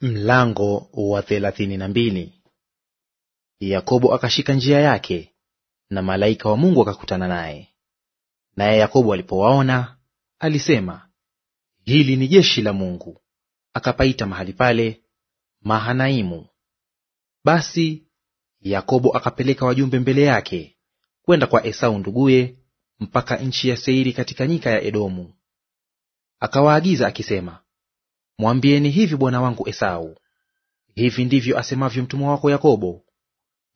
Mlango wa thelathini na mbili. Yakobo akashika njia yake na malaika wa Mungu akakutana naye. Naye Yakobo alipowaona alisema, hili ni jeshi la Mungu. Akapaita mahali pale Mahanaimu. Basi Yakobo akapeleka wajumbe mbele yake kwenda kwa Esau nduguye mpaka nchi ya Seiri katika nyika ya Edomu. Akawaagiza akisema, Mwambieni hivi bwana wangu Esau, hivi ndivyo asemavyo mtumwa wako Yakobo,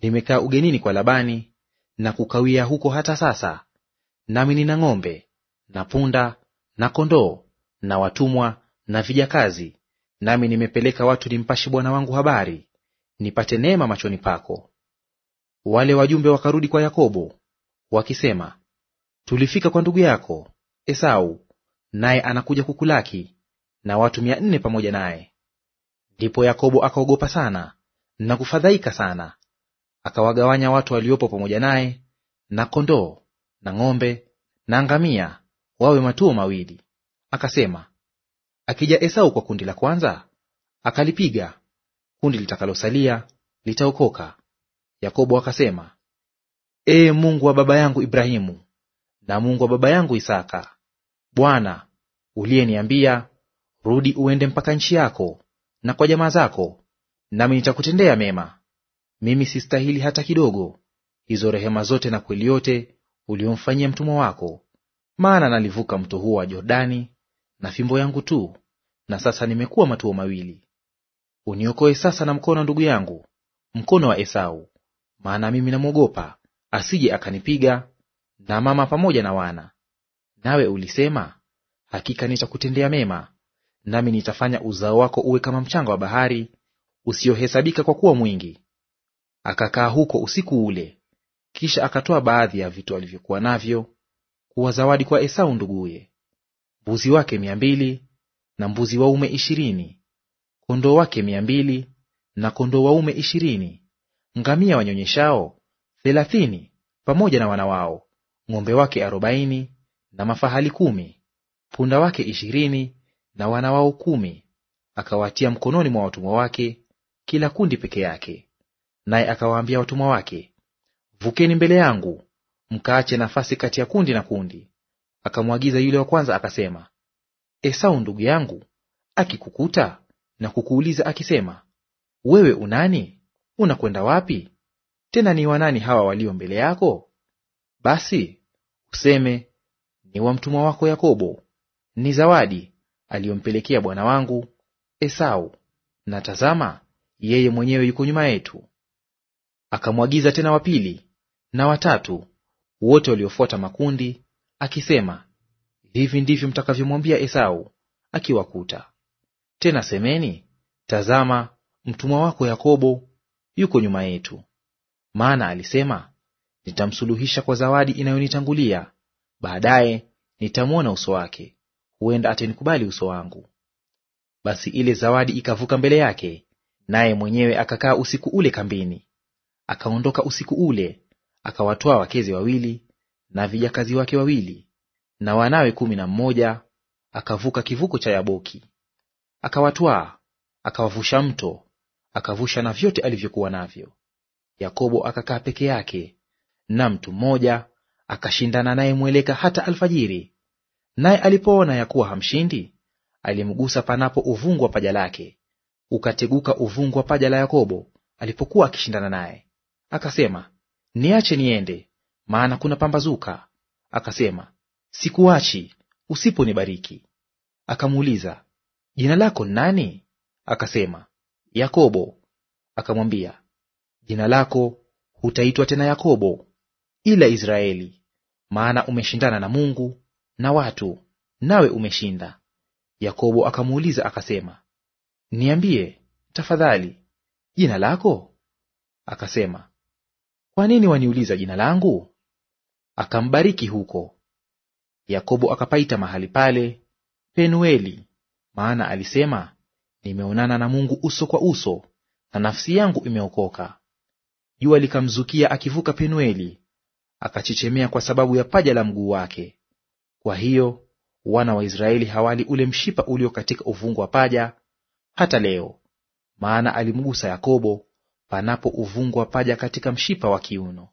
nimekaa ugenini kwa Labani na kukawia huko hata sasa, nami nina ng'ombe na punda na kondoo na watumwa na vijakazi, nami nimepeleka watu nimpashe bwana wangu habari, nipate neema machoni pako. Wale wajumbe wakarudi kwa Yakobo wakisema, tulifika kwa ndugu yako Esau, naye anakuja kukulaki na watu mia nne pamoja naye. Ndipo Yakobo akaogopa sana na kufadhaika sana, akawagawanya watu waliopo pamoja naye na kondoo na ng'ombe na ngamia wawe matuo mawili. Akasema, akija Esau kwa kundi la kwanza akalipiga, kundi litakalosalia litaokoka. Yakobo akasema, Ee Mungu wa baba yangu Ibrahimu na Mungu wa baba yangu Isaka, Bwana uliyeniambia rudi uende mpaka nchi yako na kwa jamaa zako, nami nitakutendea mema. Mimi sistahili hata kidogo hizo rehema zote na kweli yote uliomfanyia mtumwa wako, maana nalivuka mto huo wa Jordani na fimbo yangu tu, na sasa nimekuwa matuo mawili. Uniokoe sasa na mkono wa ndugu yangu, mkono wa Esau, maana mimi namwogopa, asije akanipiga na mama pamoja na wana. Nawe ulisema, hakika nitakutendea mema, nami nitafanya uzao wako uwe kama mchanga wa bahari usiohesabika kwa kuwa mwingi. Akakaa huko usiku ule. Kisha akatoa baadhi ya vitu alivyokuwa navyo kuwa zawadi kwa Esau nduguye, mbuzi wake mia mbili na mbuzi waume ishirini, kondoo wake mia mbili na kondoo waume ishirini, ngamia wanyonyeshao thelathini pamoja na wana wao, ng'ombe wake arobaini na mafahali kumi, punda wake ishirini na wana wao kumi akawatia mkononi mwa watumwa wake, kila kundi peke yake. Naye akawaambia watumwa wake, vukeni mbele yangu, mkaache nafasi kati ya kundi na kundi. Akamwagiza yule wa kwanza akasema, Esau ndugu yangu akikukuta na kukuuliza akisema, wewe unani? Unakwenda wapi? Tena ni wanani hawa walio mbele yako? Basi useme ni wa mtumwa wako Yakobo, ni Zawadi aliyompelekea bwana wangu Esau, na tazama, yeye mwenyewe yuko nyuma yetu. Akamwagiza tena wa pili na watatu, wote waliofuata makundi, akisema, hivi ndivyo mtakavyomwambia Esau akiwakuta tena, semeni, tazama, mtumwa wako Yakobo yuko nyuma yetu, maana alisema, nitamsuluhisha kwa zawadi inayonitangulia, baadaye nitamwona uso wake huenda atenikubali uso wangu. Basi ile zawadi ikavuka mbele yake, naye mwenyewe akakaa usiku ule kambini. Akaondoka usiku ule, akawatwaa wakeze wawili na vijakazi wake wawili na wanawe kumi na mmoja, akavuka kivuko cha Yaboki. Akawatwaa, akawavusha mto, akavusha na vyote alivyokuwa navyo. Yakobo akakaa peke yake, na mtu mmoja akashindana naye mweleka hata alfajiri, Naye alipoona ya kuwa hamshindi, alimgusa panapo uvungu wa paja lake, ukateguka uvungu wa paja la Yakobo alipokuwa akishindana naye. Akasema, niache niende, maana kuna pambazuka. Akasema, sikuachi usiponibariki. Akamuuliza, jina lako nani? Akasema, Yakobo. Akamwambia, jina lako hutaitwa tena Yakobo, ila Israeli, maana umeshindana na Mungu na watu, nawe umeshinda. Yakobo akamuuliza akasema, niambie tafadhali, jina lako? Akasema, kwa nini waniuliza jina langu? Akambariki huko. Yakobo akapaita mahali pale Penueli, maana alisema, nimeonana na Mungu uso kwa uso, na nafsi yangu imeokoka. Jua likamzukia akivuka Penueli, akachechemea kwa sababu ya paja la mguu wake. Kwa hiyo wana wa Israeli hawali ule mshipa ulio katika uvungu wa paja hata leo, maana alimgusa Yakobo panapo uvungu wa paja katika mshipa wa kiuno.